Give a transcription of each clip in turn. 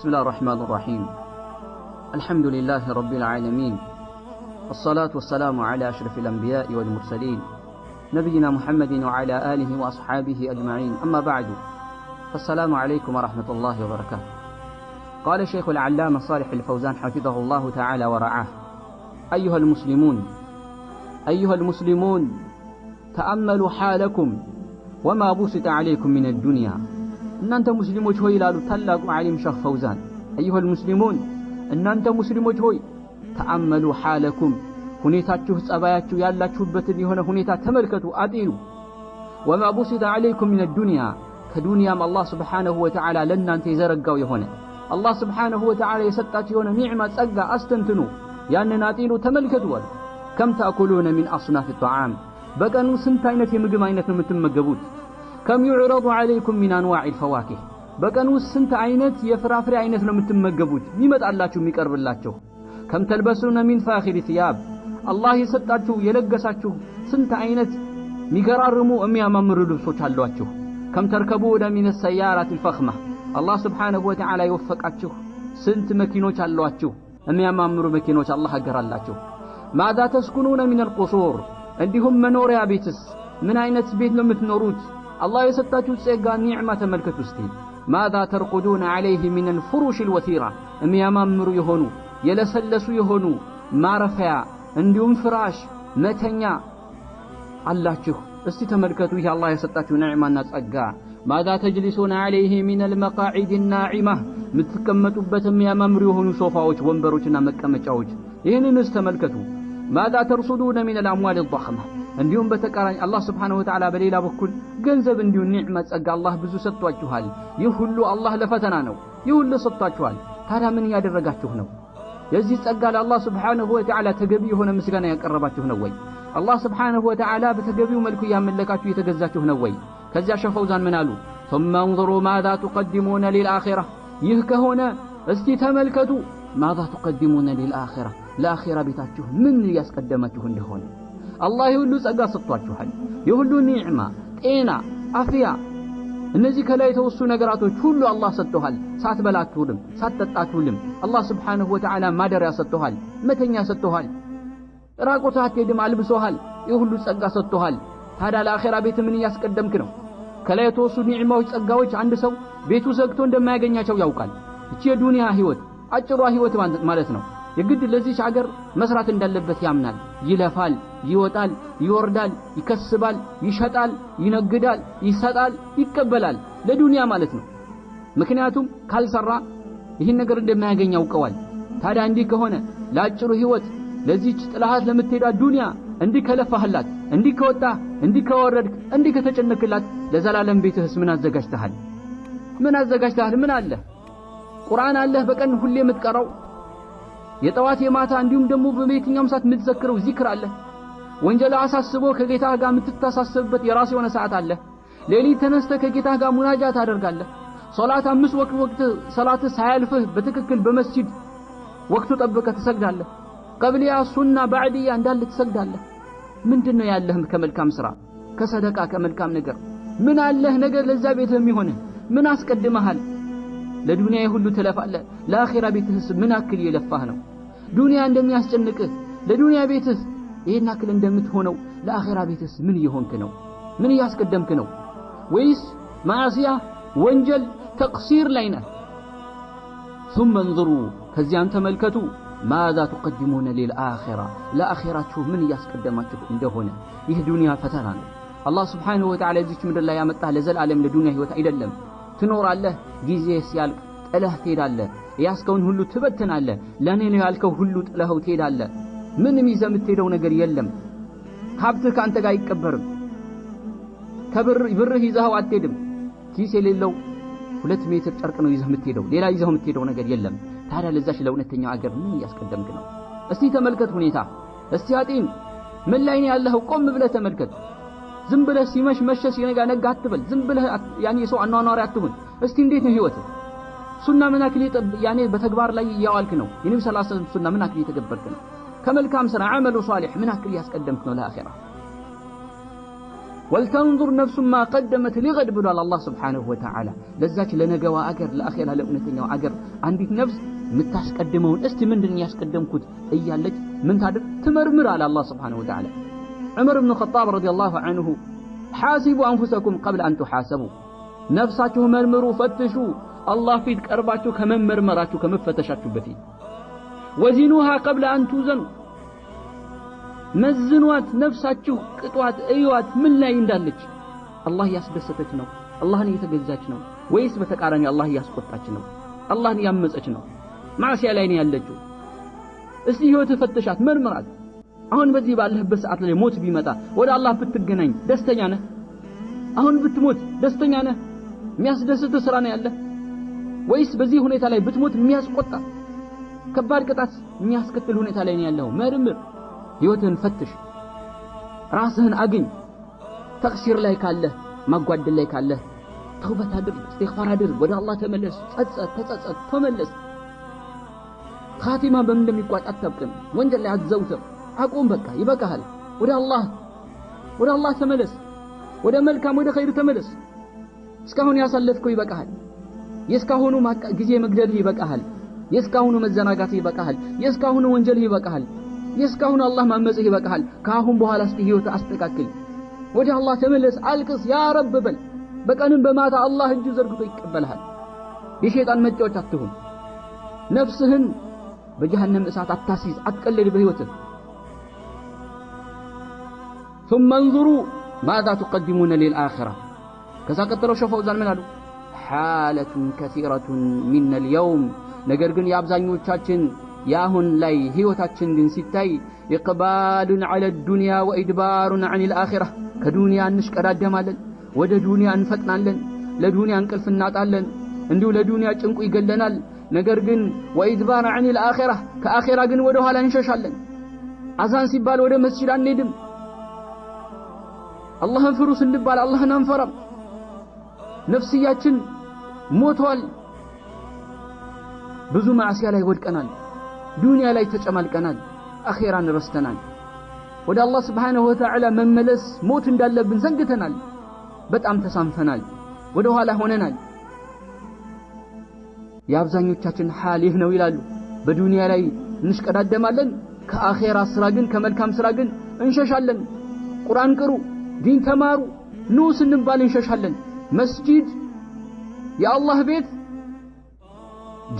بسم الله الرحمن الرحيم الحمد لله رب العالمين الصلاة والسلام على أشرف الأنبياء والمرسلين نبينا محمد وعلى آله وأصحابه أجمعين أما بعد فالسلام عليكم ورحمة الله وبركاته قال شيخ العلامة صالح الفوزان حفظه الله تعالى ورعاه أيها المسلمون أيها المسلمون تأملوا حالكم وما بسط عليكم من الدنيا أنت مسلم وجهي لا تلقوا عليهم شخص فوزان أيها المسلمون أنت مسلم وجهي تأملوا حالكم هنيتا تشوف أبايات يا الله تشوف بتني هنا هنيتا تملكتوا أدينوا وما بسط عليكم من الدنيا كدنيا ما الله سبحانه وتعالى لنا أنت زرق قوي الله سبحانه وتعالى يسقط هنا نعمة سقى استنتنو يا أن ناتينوا كم تأكلون من أصناف الطعام بقى نو سنتاينة يمجمعينة من تم مجبوت كم يعرض عليكم من أنواع الفواكه بكنو سنت عينت يفرافري عينت لو متمغبوت ميمط علاچو ميقربلاچو كم تلبسون من فاخر ثياب الله يسطاچو يلغساچو سنت عينت ميقرارمو اميامامرو لبسوچ اللواتشو كم تركبو من السيارات الفخمه الله سبحانه وتعالى يوفقاچو سنت ماكينوچ علواچو اميامامرو ماكينوچ الله حجرالاچو ماذا تسكنون من القصور عندهم منوريا بيتس من عينت بيت لو متنوروت الله የሰጣችሁ ጸጋ ኒዕማ ተመልከቱ እስቲ ማዛ ተርቁዱን عليه من الفروش الوثيرة የሚያማምሩ የሆኑ የለሰለሱ የሆኑ ማረፊያ እንዲሁም ፍራሽ መተኛ አላችሁ እስቲ ተመልከቱ ይህ አላህ የሰጣችሁ ኒዕማና ጸጋ ማዛ ተጅሊሱን عليه من المقاعد الناعمة የምትቀመጡበት የሚያማምሩ የሆኑ ሶፋዎች ወንበሮችና መቀመጫዎች ይህንን ተመልከቱ ማዛ ተርሱዱን من الأموال الضخمة عنديهم بتكارن الله سبحانه وتعالى بليلا بكل جنزب عنديهم نعمة أجا الله بزو ستة جهال يهول الله لفتنا نو يهول ستة جهال ترى من يد الرجعته هنا يزيد أجا الله سبحانه وتعالى تجبيه هنا مسكنا يقربته هنا وي الله سبحانه وتعالى بتجبيه ملك يا ملكة في تجزته هنا وي كذا شفوزان منالو ثم انظروا ماذا تقدمون للآخرة يهك هنا استيتها ملكته ماذا تقدمون للآخرة الآخرة بتاجه من يسقدمته هنا هنا አላህ የሁሉ ጸጋ ሰጥቷችኋል፣ የሁሉ ኒዕማ፣ ጤና፣ አፍያ እነዚህ ከላይ የተወሱ ነገራቶች ሁሉ አላህ ሰጥቶሃል። ሳትበላ አትውልም፣ ሳትጠጣ አትውልም። አላህ ስብሓንሁ ወተዓላ ማደሪያ ሰጥቶሃል፣ መተኛ ሰጥቶሃል፣ ራቁትህ አትሄድም፣ አልብሶሃል። የሁሉ ጸጋ ሰጥቶሃል። ታዲያ ለአኼራ ቤት ምን እያስቀደምክ ነው? ከላይ የተወሱ ኒዕማዎች፣ ጸጋዎች አንድ ሰው ቤቱ ዘግቶ እንደማያገኛቸው ያውቃል። እቺ የዱንያ ህይወት አጭሯ ህይወት ማለት ነው። የግድ ለዚች አገር መስራት እንዳለበት ያምናል። ይለፋል፣ ይወጣል፣ ይወርዳል፣ ይከስባል፣ ይሸጣል፣ ይነግዳል፣ ይሰጣል፣ ይቀበላል። ለዱንያ ማለት ነው። ምክንያቱም ካልሰራ ይህን ነገር እንደማያገኝ አውቀዋል ታዲያ እንዲህ ከሆነ ለአጭሩ ህይወት ለዚች ጥላሃት ለምትሄዳት ዱንያ እንዲህ ከለፋህላት፣ እንዲህ ከወጣህ፣ እንዲህ ከወረድክ፣ እንዲህ ከተጨነክላት ለዘላለም ቤትህስ ምን አዘጋጅተሃል? ምን አዘጋጅተሃል? ምን አለህ? ቁርአን አለህ በቀን ሁሌ የምትቀራው የጠዋት የማታ እንዲሁም ደግሞ በየትኛውም ሰዓት የምትዘክረው ዚክር አለ። ወንጀል አሳስቦ ከጌታ ጋር የምትታሳሰብበት የራስ የሆነ ሰዓት አለ። ሌሊት ተነስተ ከጌታ ጋር ሙናጃ ታደርጋለህ። ሶላት አምስት ወቅት ወቅት ሰላት ሳያልፍህ በትክክል በመስጂድ ወቅቱ ጠብቀ ትሰግዳለህ። ቀብሊያ፣ ሱና፣ ባዕድያ እንዳለ ትሰግዳለህ። ምንድን ነው ያለህም ከመልካም ስራ ከሰደቃ ከመልካም ነገር ምን አለህ? ነገር ለዛ ቤትህ የሚሆንህ ምን አስቀድመሃል? لدنيا يهلو تلف على لآخرة بيتهس من أكل يلفهنو دنيا عندما يسجنك لدنيا بيتهس إيه ناكل عندما تهونو لآخرة بيتس من يهون كنو من يسكت دم كنو ويس معزية ونجل تقصير لينا ثم انظروا كزيان تملكتو ماذا تقدمون للآخرة لا لآخرة تشوف من يسك الدم عنده هنا إيه دنيا فتران الله سبحانه وتعالى يزيش من الله يامتها لزل عالم لدنيا هوتا اللم ትኖራለህ፣ ጊዜ ሲያልቅ ጥለህ ትሄዳለህ። ያስከውን ሁሉ ትበትናለህ። ለእኔ ነው ያልከው ሁሉ ጥለኸው ትሄዳለህ። ምንም ይዘህ የምትሄደው ነገር የለም። ሀብትህ ከአንተ ጋር አይቀበርም። ከብርህ ይዘኸው አትሄድም። ኪስ የሌለው ሁለት ሜትር ጨርቅ ነው ይዘህ የምትሄደው። ሌላ ይዘኸው የምትሄደው ነገር የለም። ታዲያ ለዛች ለእውነተኛው አገር ምን እያስቀደምክ ነው? እስቲ ተመልከት ሁኔታ። እስቲ አጢን ምን ላይ ነው ያለኸው? ቆም ብለህ ተመልከት። ዝም ብለህ ሲመሽ መሸ ሲነጋ ነጋ አትበል። ዝም ብለህ ያኔ የሰው አኗኗሪ አትሁን። እስቲ እንዴት ነው ህይወት ሱና ምን አክል ያኔ በተግባር ላይ እያዋልክ ነው? የነብዩ ሰለላሁ ዐለይሂ ወሰለም ሱና ምን አክል እየተገበርክ ነው? ከመልካም ስራ አመሉ ሷሊህ ምን አክል ያስቀደምክ ነው ለአኺራ? ወልተንዙር ነፍሱ ማ ቀደመት ሊገድ ብሏል አላህ ሱብሓነሁ ወተዓላ። ለዛች ለነገዋ አገር ለአኺራ ለእውነተኛው አገር አንዲት ነፍስ የምታስቀድመውን እስቲ ምንድን ያስቀደምኩት እያለች ምን ታድር ትመርምር አለ አላህ ሱብሓነሁ ወተዓላ። عمر بن الخطاب رضي الله عنه حاسبوا أنفسكم قبل أن تحاسبوا نفساتكم مرمروا فتشوا الله في أرباتك من مرمراتك من فتشاتك بفي وزنوها قبل أن توزنوا مزنوات نفساتك قطوات أيوات من لا يندلج الله نو الله نو ويسبتك أراني الله نو الله يمزك يمزتنا ما سيالين يلجوا استيهوا تفتشات مرمرات አሁን በዚህ ባለህበት ሰዓት ላይ ሞት ቢመጣ ወደ አላህ ብትገናኝ ደስተኛ ነህ? አሁን ብትሞት ደስተኛ ነህ? የሚያስደስት ስራ ነው ያለህ? ወይስ በዚህ ሁኔታ ላይ ብትሞት የሚያስቆጣ ከባድ ቅጣት የሚያስከትል ሁኔታ ላይ ነው ያለው? መርምር፣ ህይወትህን ፈትሽ፣ ራስህን አግኝ። ተቅሲር ላይ ካለህ ማጓደል ላይ ካለህ ተውበት አድርግ፣ እስትግፋር አድርግ፣ ወደ አላህ ተመለስ፣ ጸጸት ተጸጸት ተመለስ። ኻቲማ በምን እንደሚቋጭ አታውቅም። ወንጀል ላይ አትዘውትር። አቁም፣ በቃ ይበቃሃል። ወደ አላህ ወደ አላህ ተመለስ፣ ወደ መልካም ወደ ኸይር ተመለስ። እስካሁን ያሳለፍከው ይበቃሃል። የእስካሁኑ ጊዜ መግደልህ ይበቃሃል። የእስካሁኑ መዘናጋትህ ይበቃሃል። የእስካሁኑ ወንጀልህ ይበቃሃል። የእስካሁኑ አላህ ማመፅህ ይበቃሃል። ከአሁን በኋላ እስቲ ህይወት አስተካክል፣ ወደ አላህ ተመለስ፣ አልቅስ፣ ያ ረብ በል። በቀንም በማታ አላህ እጁ ዘርግቶ ይቀበልሃል። የሸይጣን መጫወቻ አትሁን። ነፍስህን በጀሃነም እሳት አታስይዝ፣ አትቀልድ በህይወትህ ثم انظروا ماذا تقدمون للآخرة كذا قتلوا شوفوا زال من قالوا حالة كثيرة من اليوم ነገር ግን የአብዛኞቻችን የአሁን ላይ ህይወታችን ግን ሲታይ ኢቅባሉን ዐለ ዱንያ ወኢድባሩን ዐን ልአኺራ ከዱንያ እንሽቀዳደማለን ወደ ዱንያ እንፈጥናለን ለዱንያ እንቅልፍ እናጣለን እንዲሁ ለዱንያ ጭንቁ ይገለናል ነገር ግን ወኢድባር ዐን ልአኺራ ከአኺራ ግን ወደ ኋላ እንሸሻለን አዛን ሲባል ወደ መስጂድ አንሄድም አላህን ፍሩ ስንባል አላህን አንፈራም። ነፍስያችን ሞቷል። ብዙ ማዕሲያ ላይ ወድቀናል። ዱንያ ላይ ተጨማልቀናል። አኼራን ረስተናል። ወደ አላህ ስብሓንሁ ወተዓላ መመለስ ሞት እንዳለብን ዘንግተናል። በጣም ተሳንፈናል። ወደ ኋላ ሆነናል። የአብዛኞቻችን ሓል ይህ ነው ይላሉ። በዱንያ ላይ እንሽቀዳደማለን፣ ከአኼራ ስራ ግን ከመልካም ስራ ግን እንሸሻለን። ቁርአን ቅሩ ዲን ተማሩ ኑ ስንባል እንሸሻለን። መስጂድ የአላህ ቤት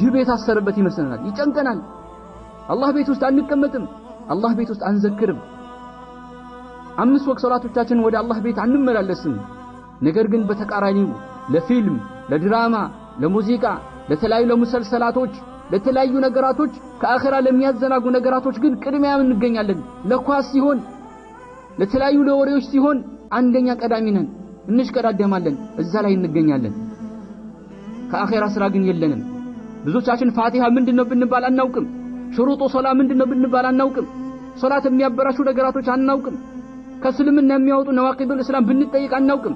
ጅብ የታሰረበት ይመስለናል፣ ይጨንቀናል። አላህ ቤት ውስጥ አንቀመጥም፣ አላህ ቤት ውስጥ አንዘክርም። አምስት ወቅት ሶላቶቻችን ወደ አላህ ቤት አንመላለስም። ነገር ግን በተቃራኒው ለፊልም፣ ለድራማ፣ ለሙዚቃ፣ ለተለያዩ ለሙሰልሰላቶች፣ ለተለያዩ ነገራቶች ከአኺራ ለሚያዘናጉ ነገራቶች ግን ቅድሚያ እንገኛለን። ለኳስ ሲሆን ለተለያዩ ለወሬዎች ሲሆን አንደኛ ቀዳሚ ነን፣ እንሽቀዳደማለን፣ እዛ ላይ እንገኛለን። ከአኼራ ስራ ግን የለንም። ብዙዎቻችን ፋቲሃ ምንድነው ብንባል አናውቅም። ሽሩጡ ሶላ ምንድነው ብንባል አናውቅም። ሶላት የሚያበራሹ ነገራቶች አናውቅም። ከእስልምና የሚያወጡ ነዋቂዱ እስላም ብንጠይቅ አናውቅም።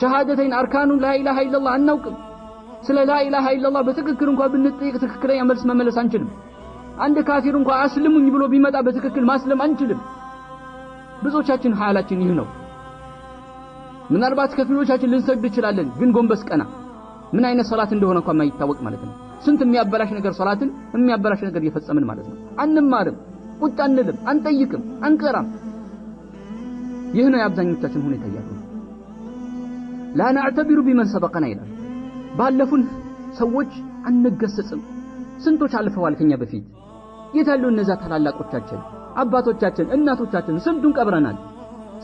ሸሃደተይን አርካኑን ላኢላሃ ኢላላህ አናውቅም። ስለ ላኢላሃ ኢላላህ በትክክል እንኳ ብንጠይቅ ትክክለኛ መልስ መመለስ አንችልም። አንድ ካፊር እንኳ አስልሙኝ ብሎ ቢመጣ በትክክል ማስለም አንችልም። ብዙዎቻችን ሐላችን ይህ ነው። ምናልባት ከፊሎቻችን ልንሰግድ እንችላለን፣ ግን ጎንበስ ቀና ምን አይነት ሰላት እንደሆነ እንኳን ማይታወቅ ማለት ነው። ስንት የሚያበላሽ ነገር ሰላትን የሚያበላሽ ነገር እየፈጸምን ማለት ነው። አንማርም፣ ቁጣ አንልም፣ አንጠይቅም፣ አንቀራም። ይህ ነው የአብዛኞቻችን ሁኔታ ያለው። ላ ናዕተቢሩ ቢመን ሰበቀና ይላል። ባለፉን ሰዎች አንገሰጽም። ስንቶች አልፈዋል ከኛ በፊት የት ያሉ እነዛ ታላላቆቻችን፣ አባቶቻችን፣ እናቶቻችን? ስንቱን ቀብረናል፣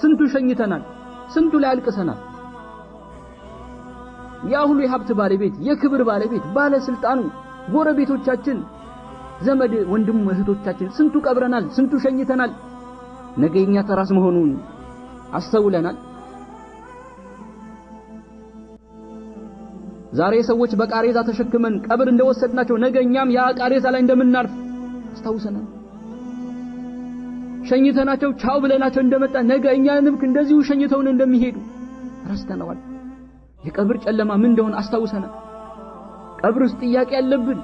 ስንቱ ሸኝተናል፣ ስንቱ ላይ አልቅሰናል። ያ ሁሉ የሀብት ባለቤት የክብር ባለቤት ባለስልጣኑ፣ ጎረቤቶቻችን፣ ዘመድ ወንድም እህቶቻችን ስንቱ ቀብረናል፣ ስንቱ ሸኝተናል። ነገ የኛ ተራስ መሆኑን አስተውለናል። ዛሬ ሰዎች በቃሬዛ ተሸክመን ቀብር እንደወሰድናቸው ነገ እኛም ያ ቃሬዛ ላይ እንደምናርፍ አስታውሰናል። ሸኝተናቸው ቻው ብለናቸው እንደመጣ ነገ እኛንም እንደዚሁ ሸኝተውን እንደሚሄዱ ረስተነዋል። የቀብር ጨለማ ምን እንደሆነ አስታውሰናል። ቀብር ውስጥ ጥያቄ አለብን።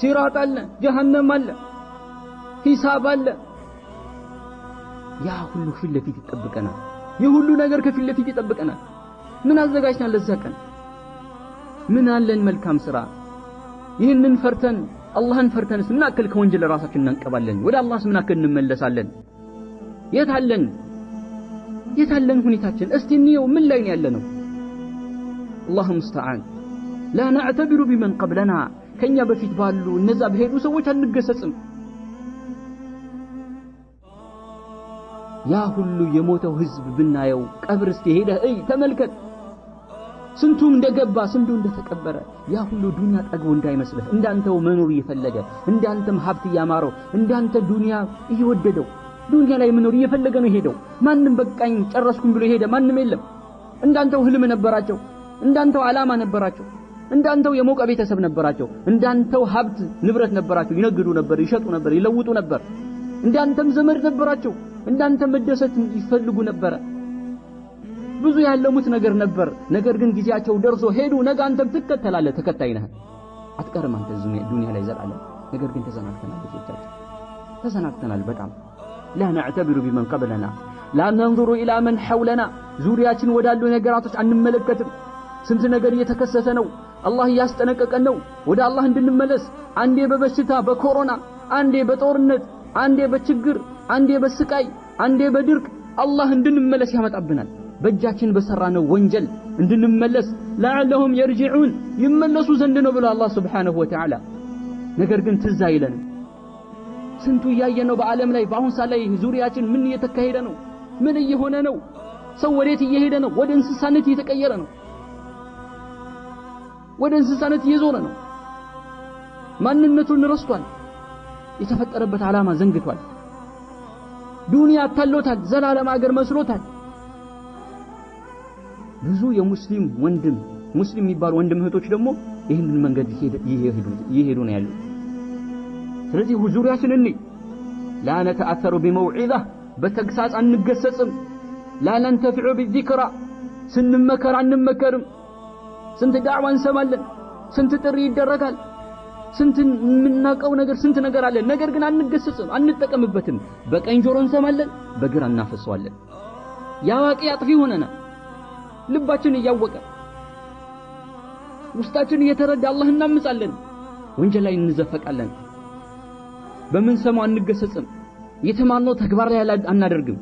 ሲራጥ አለ፣ ጀሃነም አለ፣ ሂሳብ አለ። ያ ሁሉ ፊት ለፊት ይጠብቀናል። ይህ ሁሉ ነገር ከፊት ለፊት ይጠብቀናል። ምን አዘጋጅተናል ለዛ ቀን? ምን አለን መልካም ስራ? ይህንን ፈርተን አላህን ፈርተን ስናከል ከወንጀል ራሳችን እናንቀባለን ወደ አላህ ስናከል እንመለሳለን የታለን የታለን ሁኔታችን እስቲ እንየው ምን ላይ ያለ ነው الله مستعان لا نعتبر بمن قبلنا كنيا بفيت بالو نزا بهيد وسويت هالنقصصم يا هلو يموتو هزب بنايو قبر استهيده اي تملكت ስንቱም እንደገባ ስንቱ እንደተቀበረ ያ ሁሉ ዱንያ ጠግቦ እንዳይመስልህ እንዳንተው መኖር እየፈለገ እንዳንተም ሀብት እያማረው እንዳንተ ዱንያ እየወደደው ዱንያ ላይ መኖር እየፈለገ ነው የሄደው። ማንም በቃኝ ጨረስኩም ብሎ የሄደ ማንም የለም። እንዳንተው ህልም ነበራቸው፣ እንዳንተው ዓላማ ነበራቸው፣ እንዳንተው የሞቀ ቤተሰብ ነበራቸው፣ እንዳንተው ሀብት ንብረት ነበራቸው። ይነግዱ ነበር፣ ይሸጡ ነበር፣ ይለውጡ ነበር። እንዳንተም ዘመድ ነበራቸው፣ እንዳንተም መደሰት ይፈልጉ ነበረ። ብዙ ያለሙት ነገር ነበር። ነገር ግን ጊዜያቸው ደርሶ ሄዱ። ነገ አንተም ትከተላለህ፣ ተከታይ ነህ፣ አትቀርም አንተ ዱንያ ላይ ዘላለም። ነገር ግን ተሰናክተናል፣ ብዙዎቻችን ተሰናክተናል በጣም ላ ቢመን ቀብለና ላ ኢላ መን ሐውለና፣ ዙሪያችን ወዳሉ ነገራቶች አንመለከትም። ስንት ነገር እየተከሰተ ነው። አላህ እያስጠነቀቀን ነው ወደ አላህ እንድንመለስ። አንዴ በበሽታ በኮሮና አንዴ በጦርነት አንዴ በችግር አንዴ በስቃይ አንዴ በድርቅ አላህ እንድንመለስ ያመጣብናል። በእጃችን በሠራነው ወንጀል እንድንመለስ ለዓለሁም የርጅዑን ይመለሱ ዘንድ ነው ብሎ አላህ ስብሓንሁ ወተዓላ። ነገር ግን ትዝ አይለንም። ስንቱ እያየ ነው በዓለም ላይ በአሁን ሰዓት ላይ ዙሪያችን ምን እየተካሄደ ነው? ምን እየሆነ ነው? ሰው ወዴት እየሄደ ነው? ወደ እንስሳነት እየተቀየረ ነው። ወደ እንስሳነት እየዞረ ነው። ማንነቱን ረስቷል። የተፈጠረበት ዓላማ ዘንግቷል። ዱንያ አታሎታል። ዘላለም አገር መስሎታል። ብዙ የሙስሊም ወንድም ሙስሊም የሚባሉ ወንድም እህቶች ደግሞ ይህንን መንገድ ይሄዱ ነው ያሉት። ስለዚህ ዙሪያችን እንይ። ላነተአተሩ ቢመውዒዛ በተግሳጽ አንገሰጽም። ላነንተፊዑ ቢዚክራ ስንመከር አንመከርም። ስንት ዳዕዋ እንሰማለን፣ ስንት ጥሪ ይደረጋል፣ ስንት የምናውቀው ነገር ስንት ነገር አለን። ነገር ግን አንገሰጽም፣ አንጠቀምበትም። በቀኝ ጆሮ እንሰማለን፣ በግራ እናፈሰዋለን። ያዋቂ አጥፊ ሆነናል። ልባችን እያወቀ ውስጣችን እየተረዳ አላህ እናምጻለን፣ ወንጀል ላይ እንዘፈቃለን፣ በምንሰማው አንገሰጽም፣ የተማርነው ተግባር ላይ አናደርግም።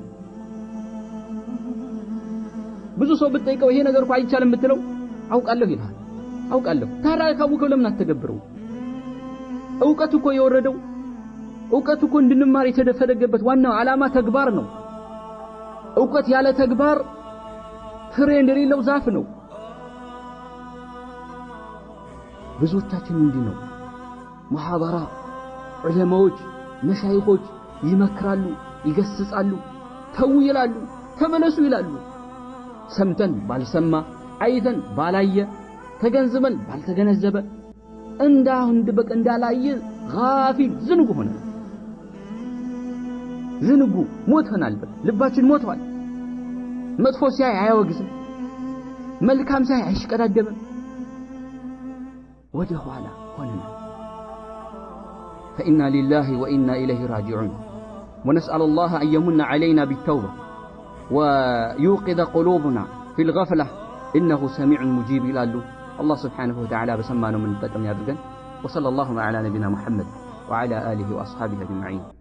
ብዙ ሰው ብትጠይቀው ይሄ ነገር እኮ አይቻልም ብትለው አውቃለሁ ይልሃል። አውቃለሁ ታዲያ ካወቀው ለምን አትተገብረው? እውቀት እኮ የወረደው እውቀት እኮ እንድንማር የተደፈደገበት ዋናው ዓላማ ተግባር ነው። እውቀት ያለ ተግባር ፍሬ እንደሌለው ዛፍ ነው። ብዙዎቻችን እንዲህ ነው። ማህበራ ዑለማዎች፣ መሻይኾች ይመክራሉ፣ ይገስጻሉ፣ ተው ይላሉ፣ ተመለሱ ይላሉ። ሰምተን ባልሰማ፣ አይተን ባላየ፣ ተገንዝበን ባልተገነዘበ እንዳሁን ድበቅ እንዳላየ ጋፊል ዝንጉ ሆነ ዝንጉ ሞተናል። ልባችን ሞተዋል። መጥፎ ሲያይ አያወግዝም፣ መልካም ሲያይ الدم وجهه على ሆነናል። فإنا لله وإنا إليه راجعون ونسأل الله أن يمن علينا بالتوبة ويوقظ قلوبنا في الغفلة إنه سميع مجيب اللو الله سبحانه وتعالى بسمانه من بدم يبقى وصلى الله على نبينا محمد وعلى آله وأصحابه أجمعين